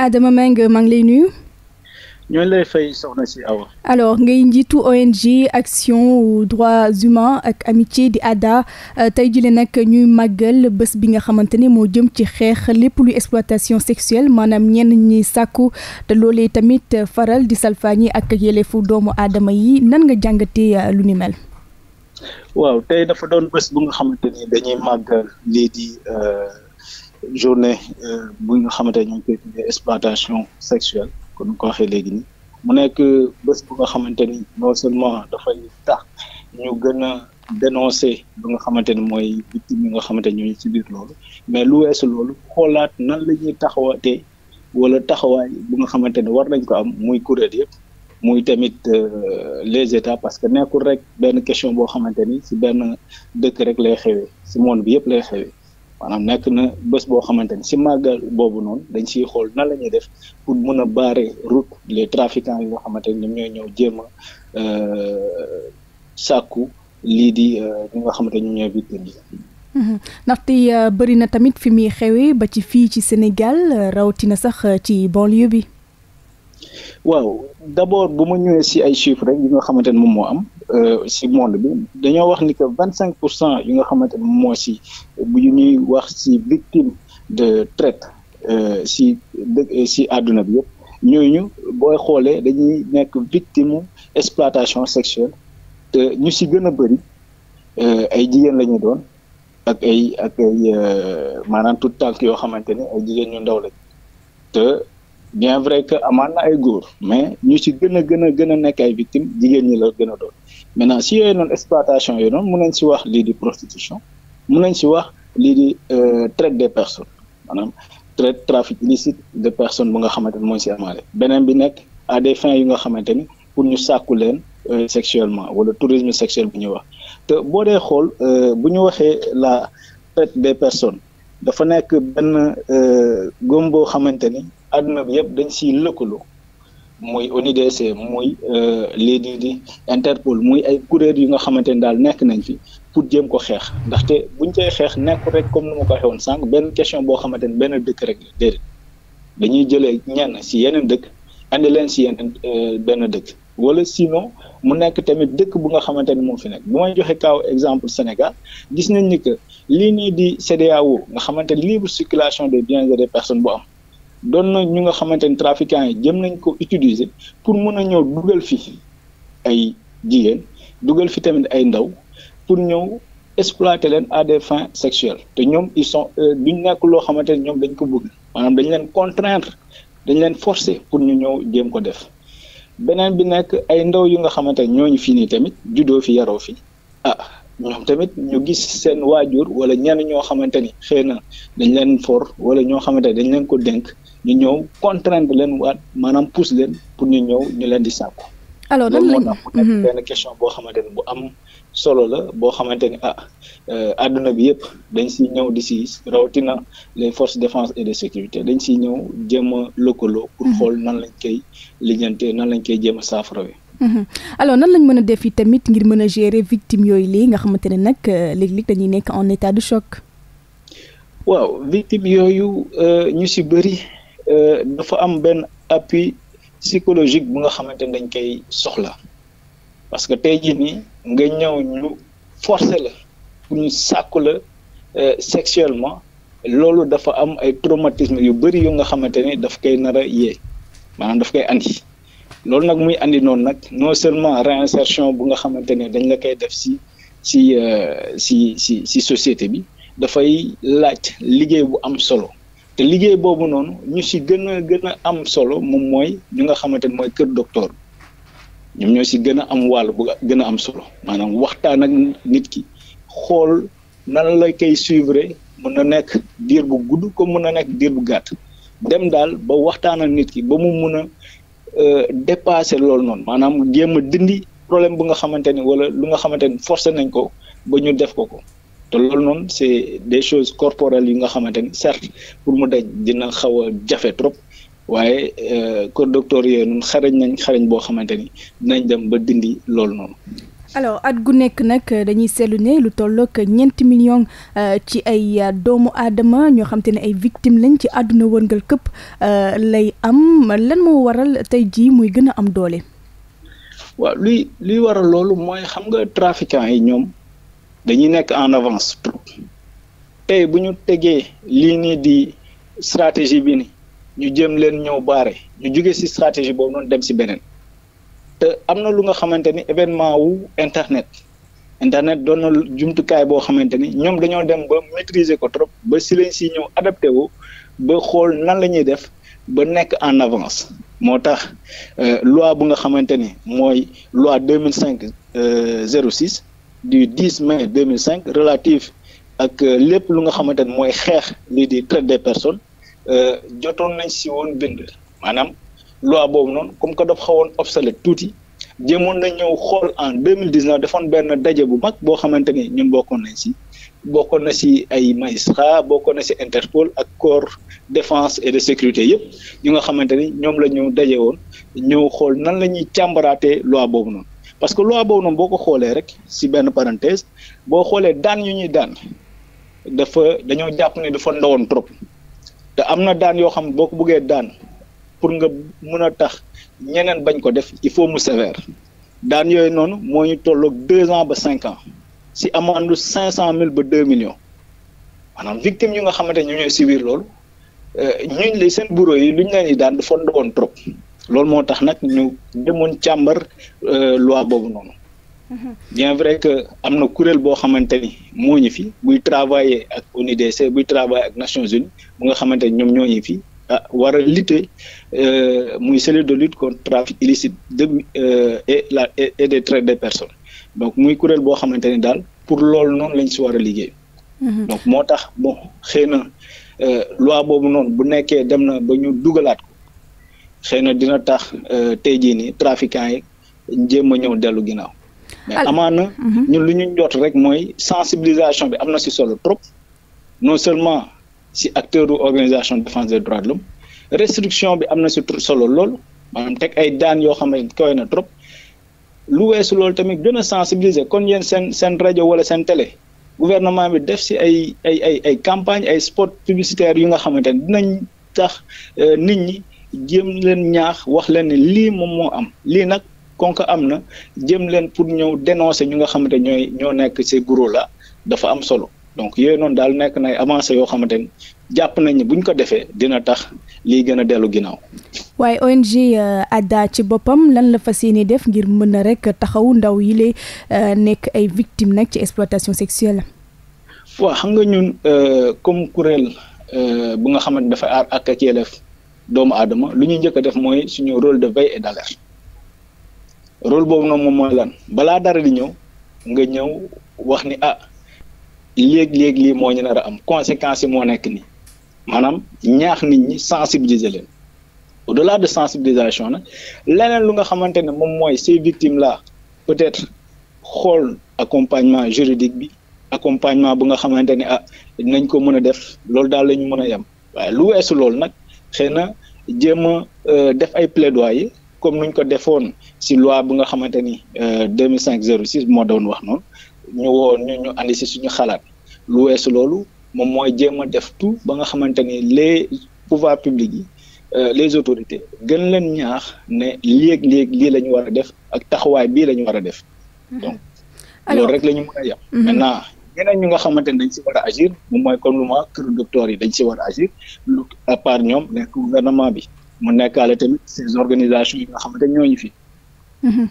Adama ah, Mbengue maa ngi lay nuyu. ñoo lay fay soxna si Awa. ngay njiitu ONG action droits humains ak amitié di ADHA euh, tey jile nag ñuy màggal bés bi nga xamante ne moo jëm ci xeex lépp lu exploitation sexuelle maanaam ñenn ñi sàkku te loolee tamit faral di yi ak yelefu doomu aadama yi nan nga jàngatee euh, lu ni mel. waaw tey dafa doon bés bu nga xamante dañuy màggal lii di. Euh, journée euh, bu nga xamante ne ñu ngi koy exploitation sexuelle kon ñu ko waxee léegi mu nekk bés bu nga xamante ni non seulement dafay tax ñu gën a dénoncer lu nga xamante ni mooy victime nga xamante ni ñooñu ci biir loolu mais lu weesu loolu xoolaat nan la ñuy taxawatee wala taxawaay bu nga xamante ni war nañ ko am muy kuréel yëpp muy tamit euh, les états parce que nekkul rek benn question boo xamante ni si benn dëkk rek lay xewee si monde bi yëpp lay xewee. maanaam nekk na bés boo xamante ni si màggal boobu noonu dañ siy xool na lañu ñuy def pour mun a barrer route les trafiquants yi nga xamante ni ñoom ñooy ñëw jéema a euh, sàkku lii di euh, ñi nga xamante ni ñoom ñooy victime yi. Mm-hmm. ndaxte euh, bëri na tamit fi muy xewee ba ci fii ci Sénégal rawatina sax ci banlieue bi. waaw d'abord bu ma ñëwee si ay chiffres rek yi nga xamante ni moom moo am. si euh, monde bi dañoo wax ni que vingt cinq pour cent yi nga xamante ne moo si bu ñuy wax si victime de traite si euh, dë si àdduna bi yëpp ñooñu booy xoolee dañuy nekk victime exploitation sexuelle te ñu si gën a bëri euh, ay jigéen la ñu doon ak ay ak ay maanaam tout tànk yoo xamante ne ay jigéen ñu ndaw lañ te bien vrai que amaan na ay góor mais ñu ci gën a gën a gën a nekk ay victime jigéen ñi la gën a doon maintenant si yooyu noonu exploitation yooyu noonu mun nañ si wax lii di prostitution mun nañ si wax lii di euh, traite des personnes maanaam traite trafic illicite de personnes bu nga xamante ni mooy si amaale beneen bi nekk à des fins yu nga xamante ni pour ñu sàkku leen euh, sexuellement wala tourisme sexuel bu ñuy wax te boo dee xool euh, bu ñu waxee la traite des personnes dafa nekk benn góom boo xamante ni àdduna bi yëpp dañ siy lëkkaloo muy ONUDC muy euh, lii di di Interpol muy ay kuréel yu nga xamante ne daal nekk nañ fi pour jëm ko xeex ndaxte buñ cay xeex nekkul rek comme nu ma ko waxee woon sànq benn question boo xamante ne benn dëkk rek la déedéet dañuy jëlee ñenn si yeneen dëkk andi leen si yeneen euh, benn dëkk wala sinon mu nekk tamit dëkk bu nga xamante ni moo fi nekk bu may joxe kaw exemple Sénégal gis nañ ni que lii nii di CEDEAO nga xamante libre circulation des biens et des personnes bu am doon na ñu nga xamante ni trafiquants yi jëm nañ ko utiliser pour mun a ñëw dugal fi ay jigéen dugal fi tamit ay ndaw pour ñëw exploiter leen à des fins sexuelles te ñoom ils sont euh, duñ nekk loo xamante ni ñoom dañ ko bëgg maanaam dañ leen contraindre dañ leen forcer pour ñu ñëw jéem ko def beneen bi nekk ay ndaw yu nga xamante ni ñooñu fii nii tamit juddoo fi yaroo fi ah ñoom tamit ñu gis seen waajur wala ñenn ñoo xamante ni xëy na dañ leen for wala ñoo xamante ni dañ leen ko dénk ñu ñëw contraindre leen waat maanaam pousse leen pour ñu ñëw ñu leen di sàkku. alors loolu moo tax mu mhm. nekk benn question boo ne bu am solo la boo xamante ni ah àdduna euh, yëpp dañ siy ñëw di si rawatina les forces de défense et sécurité dañ siy ñëw jéem a lëkkaloo. pour mhm. xool nan lañ koy lijjantee nan lañ koy jéem a saafarawee. Mhm. alors nan lañ mën a def yi tamit ngir mën a gérer victime yooyu lii nga xamante ne nag euh, léeg-léeg dañuy nekk en état de choc. waaw victime yooyu euh, ñu si bëri. Euh, dafa am benn appui psychologique bu nga xamante ne dañ koy soxla parce que tey jii nii nga ñëw ñu force la pour ñu sàkku la euh, sexuellement loolu dafa am ay traumatisme yu bëri yu nga xamante ne daf koy nar a yee maanaam daf koy andi loolu nag muy andi noonu nag non seulement réinsertion bu nga xamante ne dañ la koy def si si euh, si si si société bi dafay laaj liggéey bu am solo te liggéey boobu noonu ñu si gën a gën a am solo moom mooy ñu nga xamante ne mooy kër docteur ñoom ñoo si gën a am wàll bu gën a am solo maanaam waxtaan ak nit ki xool nan la koy suivre mën na nekk diir bu gudd ko mun a nekk diir bu gàtt dem daal ba waxtaan ak nit ki ba mu mun a euh, dépasser loolu noonu maanaam jéem a dindi problème bu nga xamante ni wala lu nga xamante ni forcé nañ ko ba ñu def ko ko te loolu noonu c' est des choses corporelles yi nga xamante ni certes pour mu daj dina xaw a jafe trop waaye euh, ko docteur yooyu noonu xarañ nañ xarañ boo xamante ni dinañ dem ba dindi loolu noonu. alors at gu nekk nag dañuy seetlu ne lu tollook ñeenti million euh, ci ay euh, doomu aadama ñoo xam ne ay victimes lañ ci àdduna wërngal këpp lay am lan moo waral tey jii muy gën a am doole. waaw luy luy waral loolu mooy xam nga trafiquants yi ñoom. dañuy nekk en avance tey bu ñu tegee lii nii di stratégie bi ni ñu jëm leen ñëw baare ñu jóge ci stratégie boobu noonu dem ci beneen te am na lu nga xamante ni événement wu internet internet doon na jumtukaay boo xamante ni ñoom dañoo dem ba maîtriser ko trop ba si lañ si ñëw adapté ba xool nan la ñuy def ba nekk en avance moo tax euh, loi bu nga xamante ni mooy loi deux mille cinq euh, zéro six du 10 mai 2005 relatif ak euh, lépp lu nga xamante ne mooy xeex lii di traite des personnes euh, jotoon nañ si woon bind maanaam loi boobu noonu comme que dafa xawoon obsolète tuuti jéemoon na ñëw xool en 2019 defoon benn daje bu mag boo xamante ni ñun bokkoon nañ si bokkoon na si ay magistrat bokkoon na si Interpol ak corps défense et de sécurité yëpp ñu nga xamante ni ñoom la ñu daje woon ñëw xool nan la ñuy càmbaraatee loi boobu noonu parce que loi boobu noonu boo ko xoolee rek si benn parenthèse boo xoolee daan yu ñuy daan dafa dañoo jàpp ne dafa ndawoon trop te am na daan yoo xam boo ko bëggee daan pour nga mën a tax ñeneen bañ ko def il faut mu sévère daan yooyu noonu moo ñu tolloog deux ans ba cinq ans si amande cinq cent mille ba deux millions maanaam victime yu nga xamante ñu ñooy subir loolu euh, ñuñ li seen bureau yi lu ñu leen yi daan dafa ndawoon trop loolu moo tax nag ñu demoon càmbar euh, loi boobu noonu. Mhm. bien vrai que am na kuréel boo xamante ni moo ñu fi buy travailler ak UNIDC buy travailler ak Nations Unies bu nga xamante ni ñoom ñoo ñu fi ah war a euh, muy cellule de lutte contre trafic illicite de euh, et la et des traite des personnes donc muy kuréel boo xamante ni daal pour loolu noonu lañ si war a liggéey. Mhm. donc moo tax bon xëy na loi boobu noonu bu nekkee dem na ba ñu dugalaat xëy na dina tax euh, tey jii nii trafiquants yi jéem a ñëw dellu ginnaaw. mais amaana. Mhm. ñun lu ñu jot rek mooy sensibilisation bi am na ci solo trop non seulement ci acteur u organisation de défense des restriction bi am na ci solo lool maanaam teg ay daan yoo xam ne kawe na trop lu weesu loolu tamit gën a sensibiliser kon yéen seen seen rajo wala seen télé. gouvernement bi def ci ay ay ay ay campagne ay spot publicitaire yu nga xamante ne dinañ tax euh, nit ñi jéem leen ñaax wax leen ne lii moom moo am lii nag konko am na jéem leen pour ñëw dénoncer ñu nga xamante ñooy ñoo nekk se guro la dafa am solo donc yooyu noonu daal nekk nay avancé yoo xamante ni jàpp nañ ne buñ ko defee dina tax lii gën a dellu ginnaaw. waaye ONG euh, Adda ci boppam lan la fas yéene def ngir mën a rek taxaw ndaw yi lay euh, nekk ay victimes nag ci exploitation sexuelle. waaw xam nga ñun euh, comme kuréel bu nga xamante dafa aar ak ak yelleef doomu aadama lu ñuy njëkk a def mooy suñu rôle de veille et d'alerte rôle boobu noonu moom mooy lan balaa dara di ñëw nga ñëw wax ni ah léeg-léeg lii moo ñu nara am conséquence yi moo nekk nii maanaam ñaax nit ñi sensibiliser leen au delà de sensibilisation nag leneen lu nga xamante ne moom mooy ces victimes là peut-être xool accompagnement juridique bi accompagnement bu nga xamante ne ah nañ ko mën a def loolu daal la ñu mën a yem waaye lu weesu loolu nag xëy na jéem a euh, def ay plaidoyer comme nuñ ko defoon ci loi bu nga xamante ni 2005 euh, 06 moo doon wax noonu ñu woo ñu ñu andi si suñu xalaat lu weesu loolu moom mooy jéem a def tout ba nga xamante ni les pouvoirs publics yi euh, les autorités gën leen ñaax ne léeg léeg lii la ñu war a def ak taxawaay bii lañu ñu war a def mhm. donc loolu rek la ñu mën a ñeneen ñu nga xamante ne dañ si war agir moom mooy comme lu ma këru docteur yi dañ si war a agir lu à ñoom nekk gouvernement bi mu nekkaale tamit ces organisations yi nga xamante ñooñu fi. Mhm.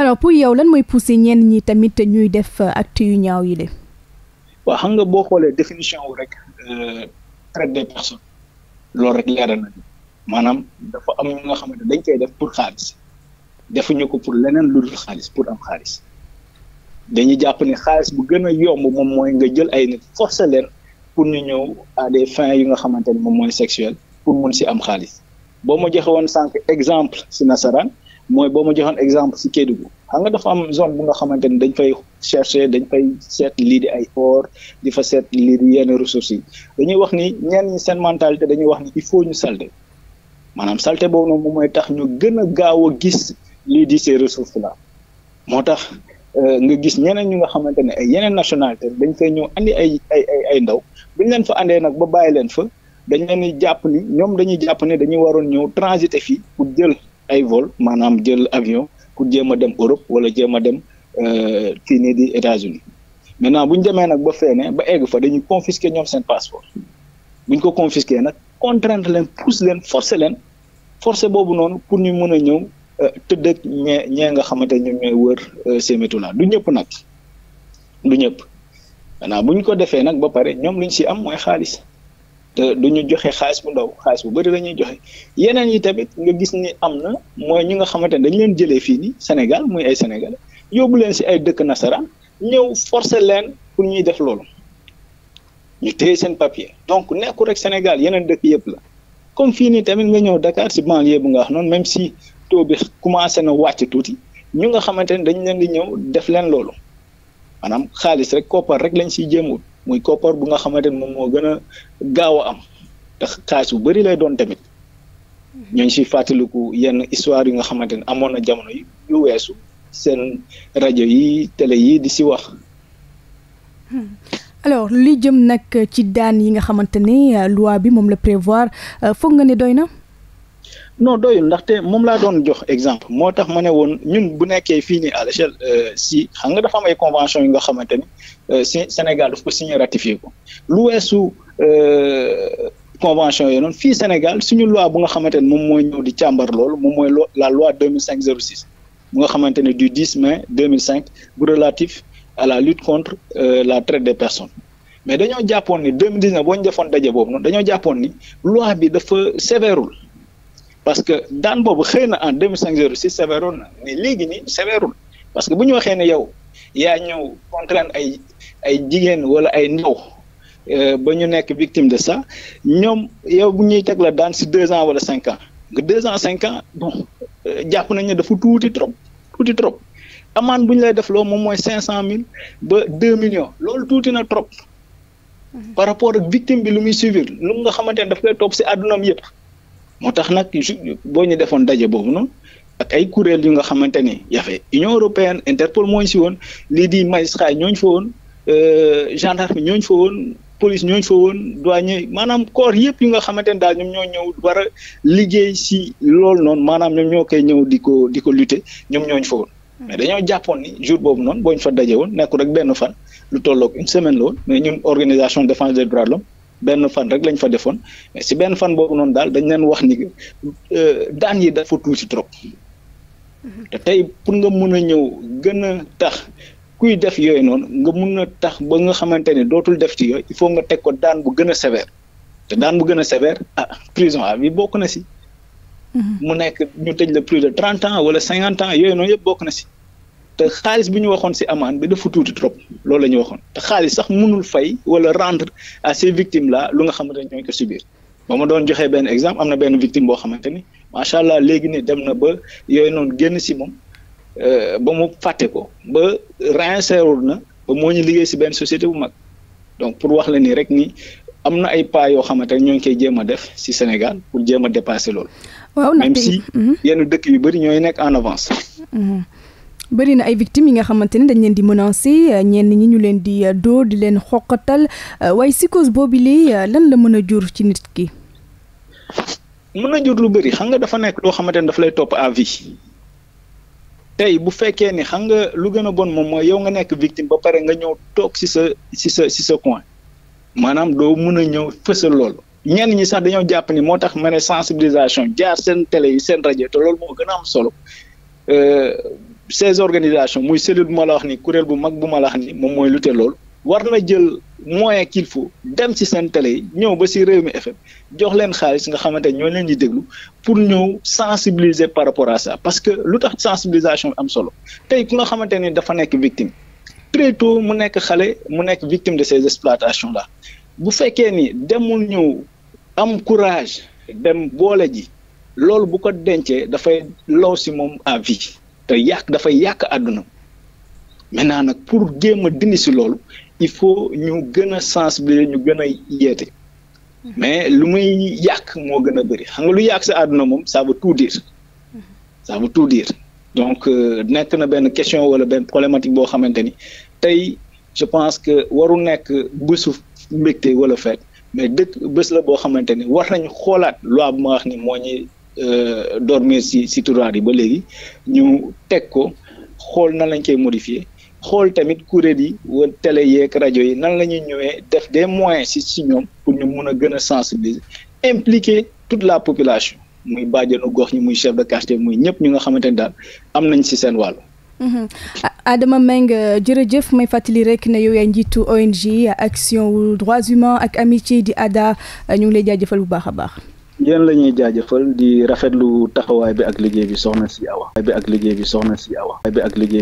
alors pour yow lañ mooy pousser ñenn ñi tamit ñuy def ti yu ñaaw yi de. waaw xam nga boo xoolee définition wu rek euh, traite des personnes loolu rek leeral na maanaam dafa am ñu nga xamante dañ koy def pour xaalis defuñu ko pour leneen lu dul xaalis pour am xaalis. dañuy jàpp ni xaalis bu gën a yomb moom mooy nga jël ay nit forcer leen pour ñu ñëw à des fins yu nga xamante ni moom mooy sexuel pour mun si am xaalis boo ma joxe woon sànq exemple si nasaraan mooy boo ma joxoon exemple si Kédougou xam nga dafa am zone bu nga xamante ni dañ fay chercher dañ fay seet lii di ay or di fa seet lii di yenn ressources yi dañuy wax ni ñenn ñi seen mentalité dañuy wax ni il faut ñu salté maanaam salté boobu noonu moom mooy tax ñu gën a gaaw a gis lii di ces moo tax Euh, nga gis ñeneen ñu nga xamante ne ay yeneen nationalité dañ fay ñëw andi ay ay ay ndaw bu leen fa andee nag ba bàyyi leen fa dañ leen di jàpp ni ñoom dañuy jàpp ne dañuy waroon ñëw transiter fii pour jël ay vol maanaam jël avion pour jéem a dem Europe wala jéem a dem euh, fii nii di États-Unis maintenant bu ñu demee nag ba feene ba egg fa dañuy confisquer ñoom seen passeport bu ñu ko confisquer nag contraindre leen pousse leen forcer leen forcer boobu noonu pour ñu mën a ñëw. tëdd ak ñee nga xamante ne ñoom ñooy wër ces euh, métaux-là du ñëpp nag du ñëpp maanaam bu ñu ko defee nag ba pare ñoom lu ñu si am mooy xaalis te du ñu joxe xaalis bu ndaw xaalis bu bari dañuy joxe yeneen yi tamit nga gis ni am na mooy ñi nga xamante ne dañu leen jëlee fii nii Sénégal muy ay sénégal yóbbu leen si ay dëkk nasaraan ñëw force leen pour ñuy def loolu ñu téye seen papier donc nekku rek Sénégal yeneen dëkk yëpp la comme fii nii tamit nga ñëw Dakar si banlieue bu nga wax noonu même si taux bi commencé na wàcc tuuti ñu nga xamante ne dañ leen di ñëw def leen loolu maanaam xaalis rek koppar rek lañ siy jéemul muy koppar bu nga xamante ne moom moo gën a gaaw a am ndax xaalis bu bëri lay doon tamit ñu ngi siy fàttaliku yenn histoire yu nga xamante ne amoon na jamono yu weesu seen rajo yi télé yi di si wax. Hmm. alors li jëm nag ci daan yi nga xamante ne euh, loi bi moom la prévoir euh, foog nga ne doy na. non doyul ndaxte moom laa doon jox exemple moo tax ma ne woon ñun bu nekkee fii nii à l'échelle euh, si xam nga dafa am ay convention yi nga xamante ni euh, si Sénégal daf ko signé ratifié ko lu weesu euh, convention yooyu noonu fii Sénégal suñu loi bu nga xamante ni moom mooy ñëw di càmbar loolu moom mooy la loi deux mille cinq zéro six bu nga xamante ne du mais mai 2005 bu relatif à la lutte contre la traite de personnes mais dañoo jàppoon ni 2019 boo ñu defoon daje boobu noonu dañoo jàppoon ni loi bi dafa sévèrul parce que daan boobu xëy na en deux mille cinq zéro six sévéroon na mais léegi nii sévérul parce que bu ñu waxee ne yow yaa ñëw contraindre ay ay jigéen wala ay ndaw euh, ba ñu nekk victime de ça ñoom yow bu ñuy teg la daan si deux ans wala cinq ans nga deux ans cinq ans bon euh, jàpp nañ ne dafa tuuti trop tuuti trop amende bu ñu lay def loo moom mooy cinq cent mille ba deux millions loolu tuuti na trop mm-hmm. par rapport ak victime bi lu muy suivre lu nga xamante ne daf koy topp si àddunaam yëpp moo tax nag boo ñu defoon daje boobu noonu ak ay kuréel yu nga xamante ne yafe Union européenne Interpol moo ñu si woon lii di magistrat ñooñu fa woon euh, gendarme ñooñu fa woon police ñooñu fa woon douanier maanaam corps yëpp yu nga xamante ne daal ñoom ñoo ñëw war a liggéey si loolu noon maanaam ñoom ñoo koy ñëw di ko di ko lutter ñoom ñooñu fa woon. mais dañoo jàppoon ni jour boobu noon boo ñu fa daje woon nekkul rek benn fan lu tolloog une semaine la woon mais ñoom organisation défense des droits de l'homme benn fan rek lañ fa defoon si benn fan boobu noonu daal dañ leen wax ni euh, daan yi dafa tuuti trop mhm. te tey pour nga mun a ñëw gën a tax kuy def yooyu noonu nga mun a tax ba nga xamante ne dootul def ci yooyu il faut nga teg ko daan bu gën a sévère te daan bu gën a sévère ah prison à vie bokk na si. Mhm. mu nekk ñu tëj la plus de trente ans wala cinquante ans yooyu noonu yëpp bokk na si. te xaalis bi ñu waxoon ci amaan bi dafa tuuti trop loolu la ñu waxoon te xaalis sax mënul fay wala rendre a ces victimes là lu nga xamante ne ñooy ko subir ba ma doon joxee benn exemple am na benn victime boo xamante ni macha allah léegi ne dem na ba yooyu noonu génn ci moom euh, ba mu fàtte ko ba réinséré na ba moo ñu liggéey ci benn société bu mag donc pour wax la ni rek nii am na ay pas yoo xamante ne ñoo ngi koy jéem a def ci Sénégal pour jéem a dépasser loolu. waaw si mhm. yenn dëkk yu bari ñooy nekk en avance. Mhm. bëri na ay victimes yi nga xamante ne dañ leen di menacer ñeen ñi ñu leen di euh, dóor di leen xoqatal euh, waaye psychose boobu lii euh, lan la mën a jur ci nit ki. mën na jur lu bëri xam nga dafa nekk loo xamante ne dafa lay topp à vie tey bu fekkee ni xam nga lu gën a bon moom mooy yow nga nekk victime ba pare nga ñëw toog ci sa ci sa ci sa coin maanaam doo mën a ñëw fësal loolu. ñenn ñi sax dañoo jàpp ni moo tax ma sensibilisation jaar seen télé yi seen rajo te moo gën a am solo ces organisations muy cellule bu ma la wax ni kuréel bu mag bu ma la wax ni moom mooy lutter lool war na jël moyen qu'il faut dem ci seen tele yi ñëw ba ci mi effet jox leen xaalis nga xamante ñoo leen di déglu pour ñëw sensibiliser par rapport à ça parce que lu tax sensibilisation am solo tey ku nga xamante ni dafa nekk victime très tôt mu nekk xale mu nekk victime de ces exploitations là bu fekkee ni demul ñëw am courage dem boole ji loolu bu ko dencee dafay law ci moom à vie te yàq dafay yàq àdduna maintenant nag pour géem a dindi si loolu il faut ñu gën a sensibiliser ñu gën a yeete mhm. mais lu muy yàq moo gën a bëri xam nga lu yàq sa àdduna moom ça veut tout dire mhm. ça veut tout dire donc euh, nekk na benn question wala benn problématique boo xamante ni tey je pense que waru nekk bésu mbégte wala fête mais dëkk bës la boo xamante ni war nañu xoolaat loi bu ma wax ni moo ñuy Euh, dormir si si tiroir yi ba léegi ñu teg ko xool nan lañ koy modifier xool tamit kuréel yi wala télé yeeg rajo yi nan la ñuy ñëwee def des moyens si si ñoom pour ñu mun a gën a sensibiliser impliquer toute la population muy bàjjenu gox ñi muy chef de quartier muy ñëpp ñu nga xamante ni daal am nañ si seen wàll. Mm-hmm. Adama nga jërëjëf may fàttali rek ne yow yaa njiitu ONG action wu droits humains ak amitié di ADHA ñu ngi lay jaajëfal bu baax a baax. yéen la ñuy jaajëfal di rafetlu taxawaay bi ak liggéey bi soxna si Awa. bi ak liggéey bi soxna si Awa. bi ak liggéey